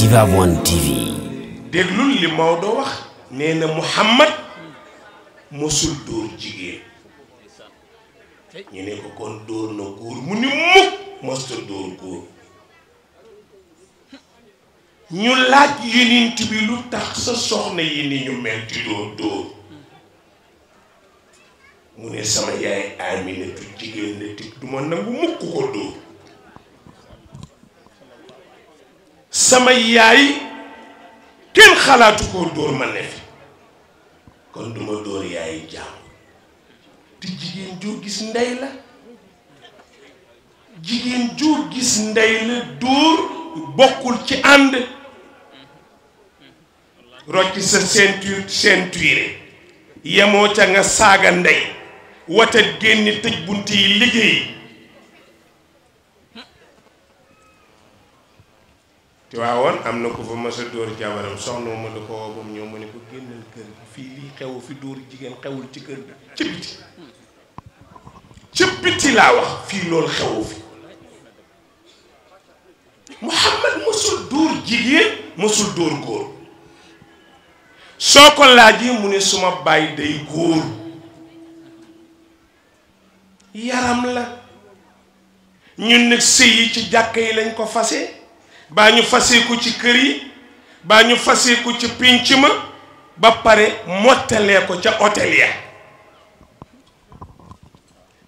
Tivaouane TV déglul li wax nee na Muhammad mosul dóor jigéen ñu ne ko dóor na góor mu ni mukk mosta dóor góor ñu laaj yenint bi lu tax sa soxna yi ni ñu mel di dóor dóor mu ne sama yaay Aminatu jigéen la tig du nangu mukk ko dóor sama yaay kenn xalaatu koo dóor ma ne fi kon duma dóor yaay jaam te jigéen joo gis ndey la jigéen joo gis ndey la dóor bokkul ci ànd rocci sa ceinture ceinture yemoo ca nga saaga ndey watat génn tëj bunt yi liggéey Tiwaawoon am na ko fa mës a dóor jabaram soxna ma da ko woo ba mu ne ko génnal kër gi fii lii xewu fi dóor jigéen xewul ci kër gi ci biti laa wax fii loolu xewu fi Muhammad mësul dóor jigéen mësul dóor góor soo ko laajee mu ne suma bàyyi day góor yaram la ñun nag sëy yi ci jàkk yi lañ ko fase baa ñu faseeku ci kër yi baa ñu faseeku ci pinc ma ba pare mottalee ko ca hôtel ya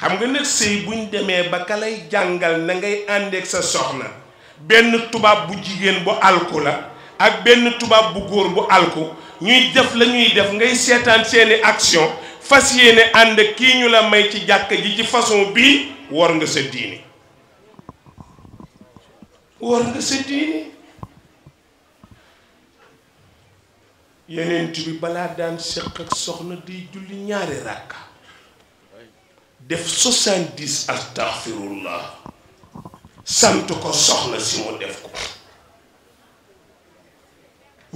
xam nga nag sëy buñ demee ba ka lay jàngal na ngay àndeek sa soxna benn tubaab bu jigéen bu alku la ak benn tubaab bu góor bu alku ñuy def lañuy def ngay seetaan seeni action fas yéene ànd kii ñu la may ci jàkk ji ci façon bii war nga sa diini war nga sa diini yeneen bi balaa daan séq ak soxna di julli ñaari ràkka def soixante-dix astaghfirullah sant ko soxna si mu def ko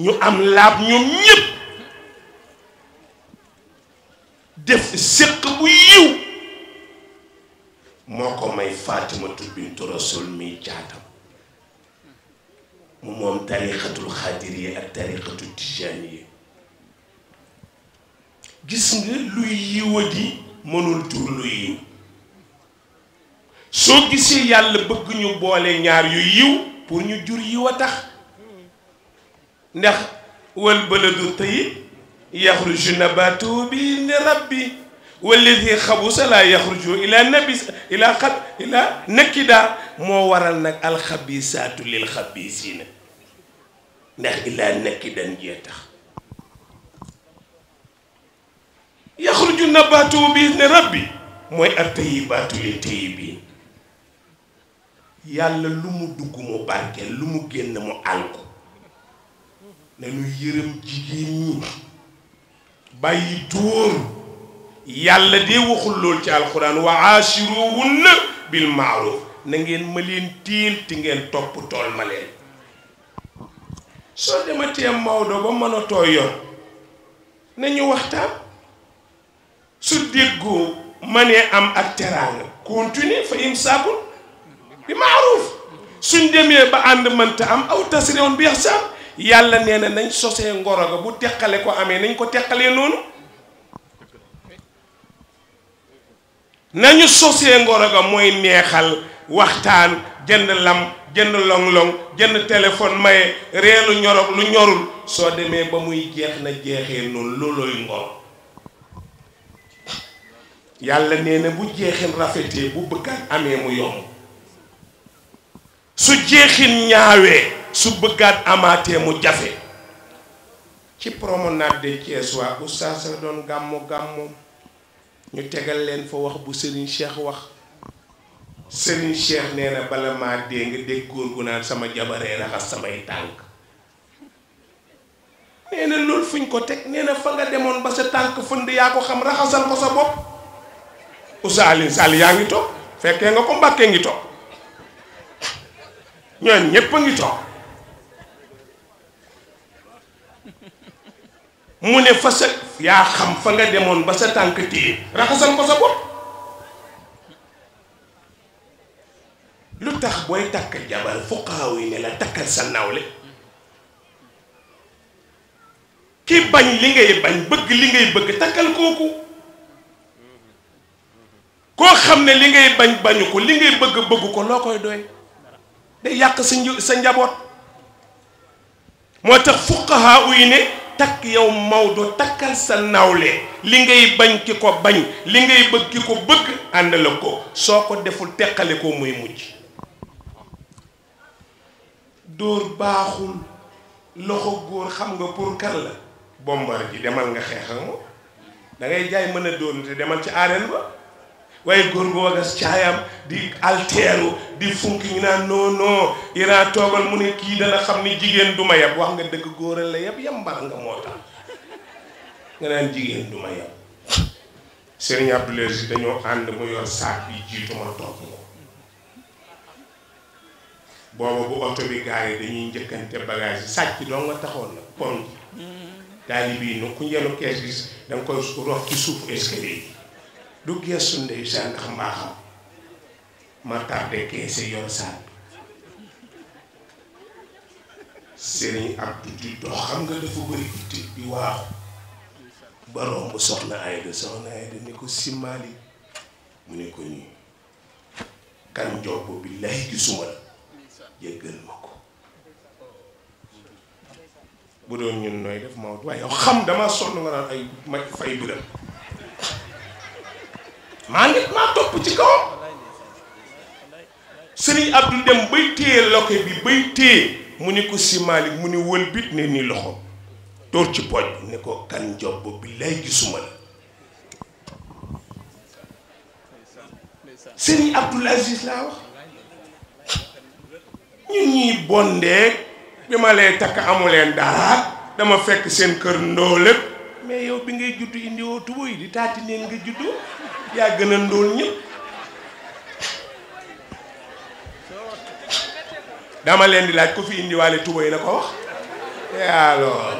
ñu am laab ñoom ñépp def séq bu yiw moo ko may Faatimatu bintu Rasul mi jaatam موم طريقه الخادريه الطريقه التجانيه جسنغ لوي يودي منول تور لوي سو غيسي يالا بڬ ني بولي ñaar يو يو pour ñu jur yi watax ndax wal baladu tay yakhruju nabatu والذي خبص لا يخرج الى نبس الى خب الى نكدا مو ورال نك الخبيثات ndax illaa nekki dan jee tax yaxruju nabaatu bi ne rabbi mooy at tayibaatu lil tayibiin yàlla lu mu dugg mu barkeel lu mu génn mu àlku nañu yërëm jigéen ñi bàyyi dóor yàlla de waxul lool ci alxuraan wa aashiruhunna bil maaruf na ngeen ma leen tiil ti ngeen topp tool ma leen soo dematee Maodo ba mënatoo yor nañu waxtaan su déggu mënee am ak teraanga continue fa imsaakun bi maaruuf suñ demee ba ànd mënta am aw tasrion bi ihsaan yàlla nee na nañ sosee ngoro ga bu teqale ko amee nañ ko teqalee noonu nañu sosee ngoro ga mooy neexal waxtaan jënd lam jënd long-long jënd téléphone maye reelu ñorog lu ñorul soo demee ba muy jeex na jeexee noonu loolooy ngor yàlla nee bu jeexin rafetee bu bëggaat amee mu yomb su jeexin ñaawee su bëggaat amaatee mu jafe ci promenade de Thiès waa oustaz la doon gàmmu gàmmoom ñu tegal leen fa wax bu Serigne Cheikh wax Serigne Cheikh nee na bala maa dee nga dégg góor gu naan sama jabaree raxas samay tànk nee na loolu fuñ ko teg nee na fa nga demoon ba sa tànk fënd yaa ko xam raxasal ko sa bopp Sall yaa ngi toog fekkee nga ko mbàkkee ngi toog ñooñ ñépp a ngi toog mu ne fa sa yaa xam fa nga demoon ba sa tànk téye raxasal ko sa bopp tax booy takk jabar fuqaaw yi ne la takkal sa nawle ki bañ li ngay bañ bëgg li ngay bëgg takkal kooku koo xam ne li ngay bañ bañu ko li ngay bëgg bëggu ko loo koy doy day yàq sa njaboot moo tax fuqahaa yi ne takk yow Maodo takkal sa nawle li ngay bañ ki ko bañ li ngay bëgg ki ko bëgg ànd la ko soo ko deful teqale ko muy mujj dóor baaxul loxo góor xam nga pour kan la bombar ji demal nga xeex ak moom jaay mën a doon te demal ci arène ba waaye góor bu wagas caayam di alteeru di funki ñu naan non non Iran toogal mu ne kii dana xam ni jigéen du ma yab wax nga dëgg góoral la yab yambar nga moo tax nga naan jigéen du yab Serigne Abdoulaye si dañoo ànd mu yor saak yi jiitu toog moom booba bu oto bi gaare dañuy njëkkante bagage yi sàcc doo nga taxoon nag pon gi yi nu ku njëlu kees gis danga koy rox ci suufu escalier yi du geesu ndeysaan ndax mbaaxam ma tardé keese yor saat bi sëriñ Abdou di dox xam nga dafa bëri itti di waaxu ba romb soxna Ayda soxna Ayda ni ko simmaali mu ne ko nii kan jox bi gisuma la jéggal ma ko bu doon ñun nooy def Maodo waaye xam damaa sonn nga naan ay ma fay biram maa ngi maa topp ci kawam sëriñ Abdou dem bay téye loke bi bay téye mu ni ko si Malick mu ni wëlbit ne ni loxo tóor ci pooj bi ko kan job bi lay gisuma la sëriñ Abdoul Aziz laa wax ñu ñuy bondeeg bi ma lay takk amuleen dara dama fekk seen kër ndóol lépp mais yow bi ngay juddu indi woo tuba yi di taati neen nga juddu yaa gën a ndóol ñëpp dama leen di laaj ku fi indiwaale tuba na ko wax et alors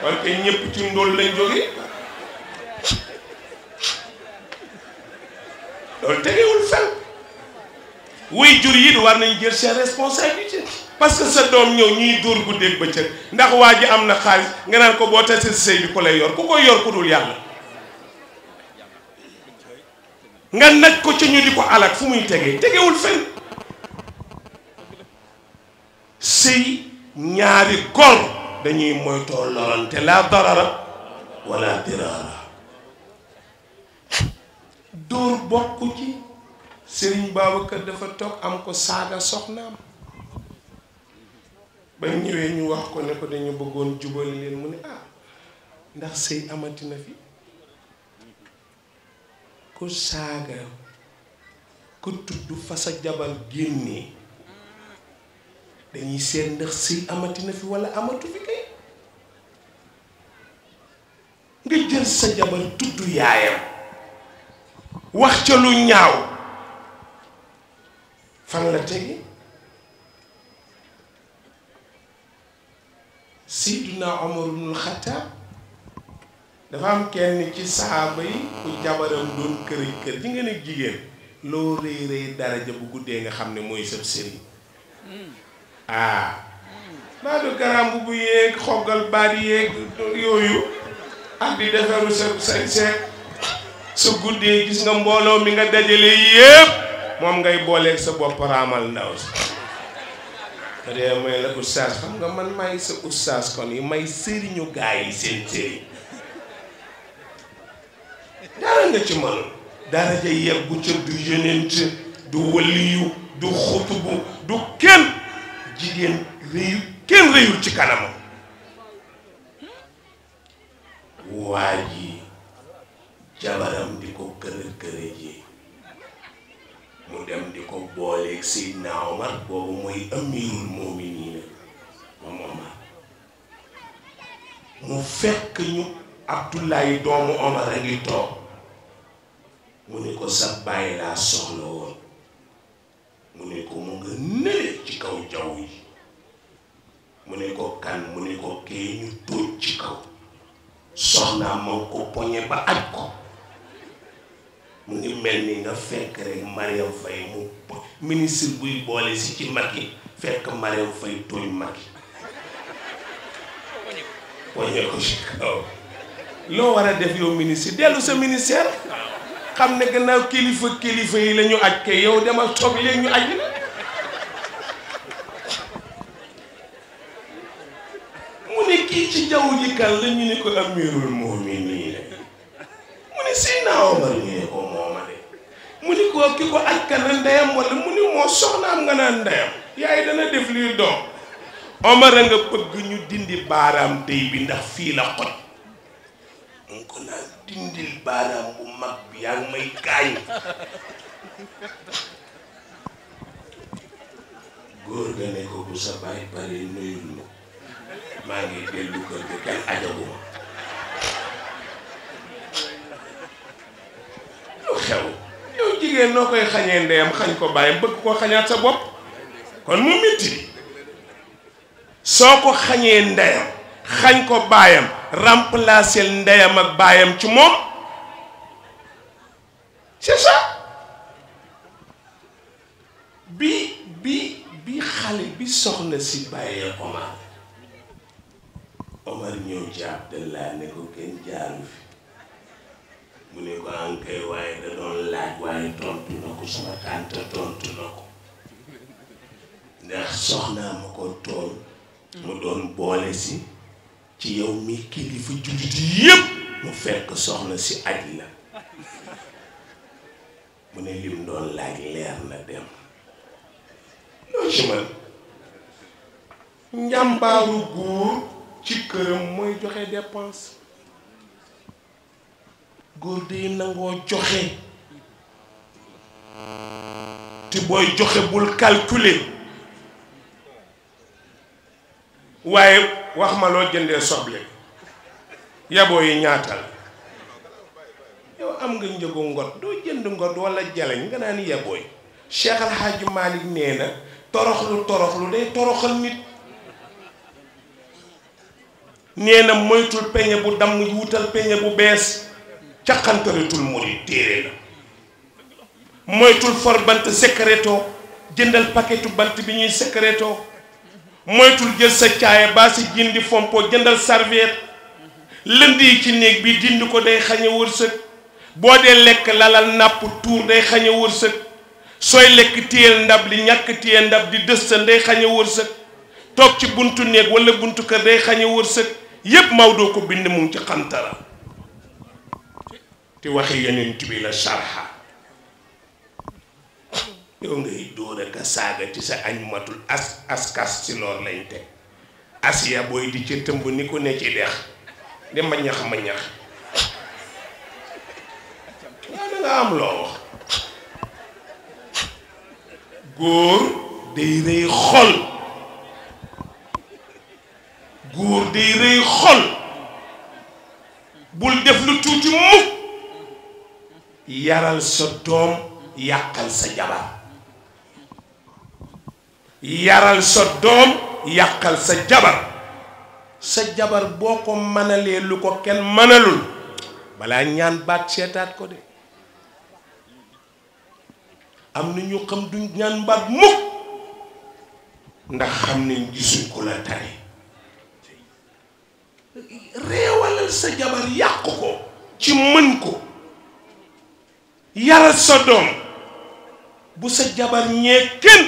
parce que ci ndóol lañ jóge loolu tegewul fen way jur yi war nañ jël seen responsabilité parce que sa doom ñëw ñuy dóor guddeeg bëccëg ndax waa ji am na xaalis nga naan ko boo tasee sëy bi ku lay yor ku koy yor ku dul yàlla nga naj ko ci ñu di ko alak fu muy tegee tegewul fenn sëy ñaari góor dañuy moytoo lorante la darara wala dirara dóor bokk ci sëriñ Babacar dafa toog am ko saaga soxnaam ba ñëwee ñu wax ko ne ko dañu bëggoon jubal leen mu ne ah ndax sëy amati na fi ku saaga ku tudd fa sa jabar génnee dañuy seet ndax sëy amati na fi walla amatu fi kay nga jël sa jabar tudd yaayam wax ca lu ñaaw fan la tege Seydina Omar ibnul Xattaab dafa am kenn ci saaba yi ku jabaram doon kër kër ji nga ne jigéen loo rëy rëy daraja bu guddee nga xam ne mooy sab sëriñ ah daa du garam bu bu yéeg xoggal baat yéeg yooyu ak di defaru sa sa seet sa guddee gis nga mbooloo mi nga dajale yépp moom ngay booleeg sa bopp raamal ndaw si te dee mooy la oustaz xam nga man may sa oustaz kon yi may sëriñu gaa yi seen sëriñ dara nga ci mën dara yeggu ca du yonent du waliyu du xutubu du kenn jigéen réyu kenn réyul ci kanamam waa ji Seydina Omar boobu mooy amirul muminina moom Omar mu fekk ñu Abdullahi doomu Omar a ngi toog mu ne ko Meu bàyyi laa soxla woon mu ne ko mu nga nële ci meu jaww yi mu ne ko meu mu ne ko kee ñu tóoj ci kaw soxnaa moo ko poñe ba aj ko mu ngi mel ni maria fekk meu Mariam ministre buy boole si ci Macky fekk Marème Faye tooñ Macky waññee ko si kaw loo war a def yow ministre dellu sa ministère xam ne gannaaw kilifa kilifa yi lañu ñu aj ke yow demal toog léegi ñu aj mu ne kii ci jaww ji kan la ñu ne ko amirul mu'minin mu ne Seydina Omar mu ni ko ki ko askane ndeyam wala mu ni moo soxnaam nga naan ndeyam yaay dana def lii doom omar a nga bëgg ñu dindi baaraam dey bi ndax fii la xoj mu ko naan dindil baaraam bu mag bi yaa ngi may gaañ góor ga ne ko sa baay pare nuyul ma maa ngi dellu kër ga dal ajabuma lu xew yow jigéen noo koy xañee ndeyam xañ ko bàyyam bëgg ko xañaat sa bopp kon mu métti soo ko xañee ndeyam xañ ko baayam remplacer ndeyam ak baayam ci moom c'est ça bi bi bi xale bi soxna si bàyyee Omar Omar ñëw jaab de ne ko kenn jaaru fi mu ne ko ankay waaye da doon laaj waaye tontu na ko suma tànta tontu na ko ndax soxnaa ma ko tool mu doon boole si ci yow mi kilifa jullit yépp mu fekk soxna si aj la mu ne lim doon laaj leer na dem loolu ci man njàmbaaru góor ci këram mooy joxe dépense góor day nangoo joxe te booy joxe bul calculer waaye wax ma loo jëndee soble yaboo yi ñaatal yow am nga njëgu ngot doo jënd ngot wala jaleñ nga naan yabooy Cheikh Al Hadj Malick nee toroxlu toroxlu day toroxal nit nee moytul peñe bu damm wutal peñe bu bees caqantaratul murid téere la moytul for bant secréto jëndal paquetu bant bi ñuy secréto moytul jël sa caaya baa si jindi fompo jëndal serviette lënd yi ci néeg bi dindi ko day xañe wërsëg boo dee lekk lalal nàpp tuur day xañe wërsëg sooy lekk téyel ndab li ñàkk téyel ndab di dëstan day xañe wërsëg toog ci buntu néeg wala buntu kër day xañe wërsëg yépp Maodo ko bind mu ci xantara te waxi yeneen bi la sarxa yow ngay dóor ak saaga ci sa añ matul as askas ci loolu lañ teg asiya booy di ci tëmb ni ku ne ci dex di ma ñax ma ñax nga am loo wax góor day rëy xol góor day rëy xol bul def lu tuuti mukk yaral sa doom yàqal sa jabar yaral sa doom yàqal sa jabar sa jabar boo ko mënalee lu ko kenn mënalul balaa ñaan baat seetaat ko de am na ñu xam duñ ñaan baat mukk ndax xam ne gisuñ ko la tare réewalal sa jabar yàq ko ci mën ko yaral sa doom bu sa jabar ñee kenn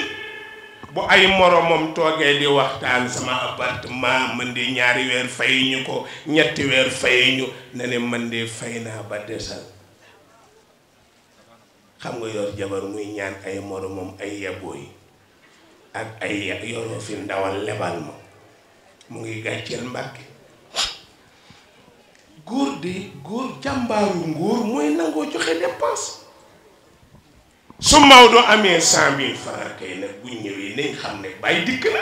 bu ay moromam toogee di waxtaan sama appartement man de ñaari weer fay ñu ko ñetti weer fay ñu na ne man de fay naa ba desal xam nga yor jabar muy ñaan ay moromam ay yabooy ak ay yoroo fi ndawal lebal ma mu ngi gàcceel mbàkke góor de góor jàmbaaru ngóor mooy nangoo joxe dépense su Maodo amee cent mille francs kay nak bu ñëwé né xam ne bàyyi dikk na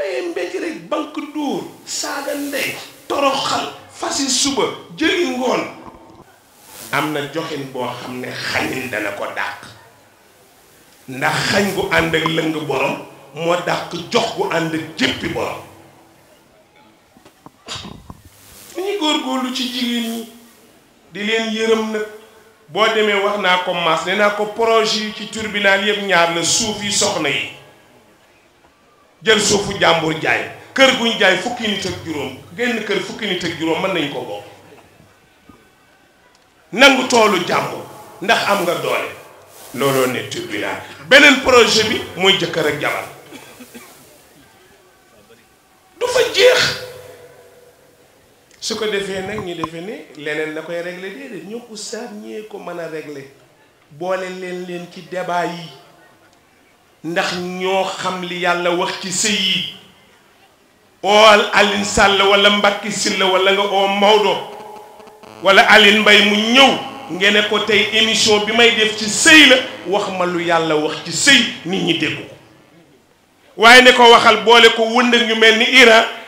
ay mbéj rek banque dur saga ndé toroxal fasi suba jël ngol amna joxine bo xamné xam ne xañin dana ko dàq ndax xagn gu and ak leung borom mo dàq jox gu ànd ak jéppi borom gor lu ci jigéen ñi di leen yërëm nak boo demee wax naa ko maas nee naa ko projet yi ci tribunal yëpp ñaar na suuf yi soxna yi jël suufu jàmbur jaay kër guñ jaay fukki nit ak juróom génn kër fukki nit ak juróom mën nañ ko bokk nangu toolu jàmbur ndax am nga doole looloo ne tribunal beneen projet bi mooy jëkkër ak jabar su ko defee nag ñu defee ne leneen na koy régler déedéet ñoom oustaz ñee ko mën a régler boole leen leen ci débat yi ndax ñoo xam li yàlla wax ci sëy yi ool Alioune Sall wala Mbacke Sylla wala nga oo Maodo wala Alioune mbay mu ñëw ngeen ne ko tey émission bi may def ci sëy la wax ma lu yàlla wax ci sëy nit ñi dégg ko waaye ne ko waxal boole ko wëndëg ñu mel ni Iran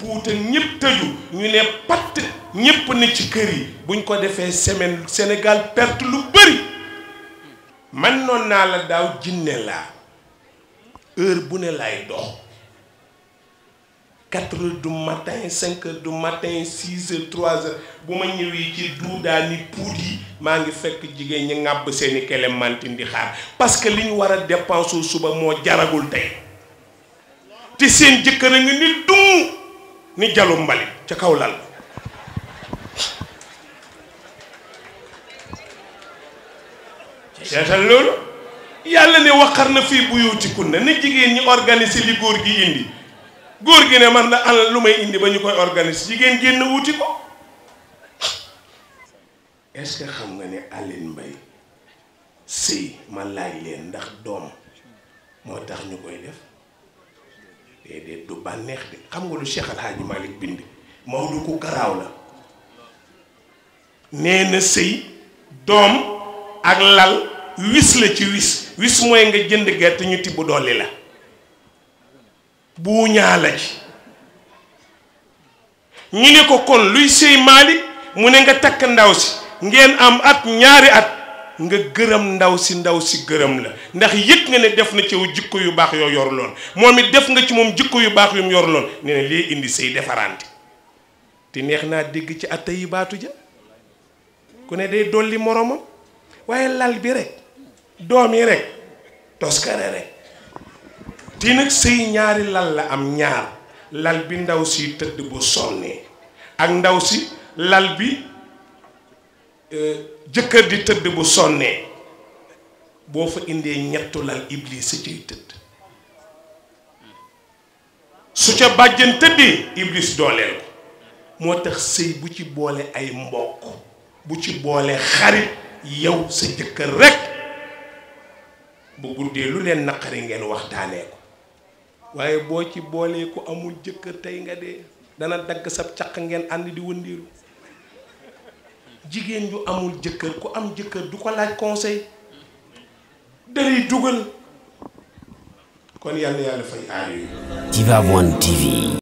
puuta ñëpp tëju ñu ne patt ñëpp ne ci kër yi buñ ko defee semaine Sénégal perte lu bëri man noon naa la daaw jinne laa heure bu ne lay dox quatre heures du matin cinq heures du matin six heures trois heures bu ma ñëwee ci duudaa ni puut yi maa ngi fekk jigéen ñi ŋàbb seeni kelem mantin di xaar parce que li ñu war a suba moo jaragul tey te seen jëkkër a ngi ni dumm ni jalu mbalit ca kaw lal seetal loolu yàlla ne waqar na fii bu buyuutikunna ni jigéen ñi organiser li góor gi indi góor gi ne man la an lu may indi ba ñu koy organiser jigéen génn wuti ko est-ce que xam nga ne Aline Mbaye si ma laaj leen ndax doom moo tax ñu koy def déedéet du bànneex de xam nga lu Cheikh Al Hadj Malick bind Maodo ku garaaw la nee na sëy doom ak lal wis la ci wis wis mooy nga jënd gerte ñu tibb dolli la bu ñaa la ci ñu ne ko kon luy sëy Malick mu ne nga takk ndaw si ngeen am at ñaari at nga gërëm ndaw si ndaw si gërëm la ndax yëg nga ne def na ci jikko yu baax yoo yoru loon moom it def nga ci moom jikko yu baax yum yoru loon ne ne lii indi say defaraante te neex naa dégg ci atta ja ku ne day dolli moromam waaye lal bi rek yi rek toskare rek nag sëy ñaari lal la am ñaar lal bi ndaw si tëdd bu sonnee ak ndaw si lal bi euh, jëkkër di tëdd bu sonnee boo fa indee ñettu lal iblis sa ciy tëdd su ca bàjjen tëddee iblis dooleel ko moo tax sëy bu ci boole ay mbokk bu ci boole xarit yow sa jëkkër rekk bu guddee lu leen naqari ngeen waxtaanee ko waaye boo ci boolee ku amul jëkkër tey nga dee dana dagg sab caq ngeen ànd di wëndiiru jigéen ju amul jëkkër ku am jëkkër du ko laaj conseil dalay dugal kon yàlla yàlla fay aar yooyu Tivaouane TV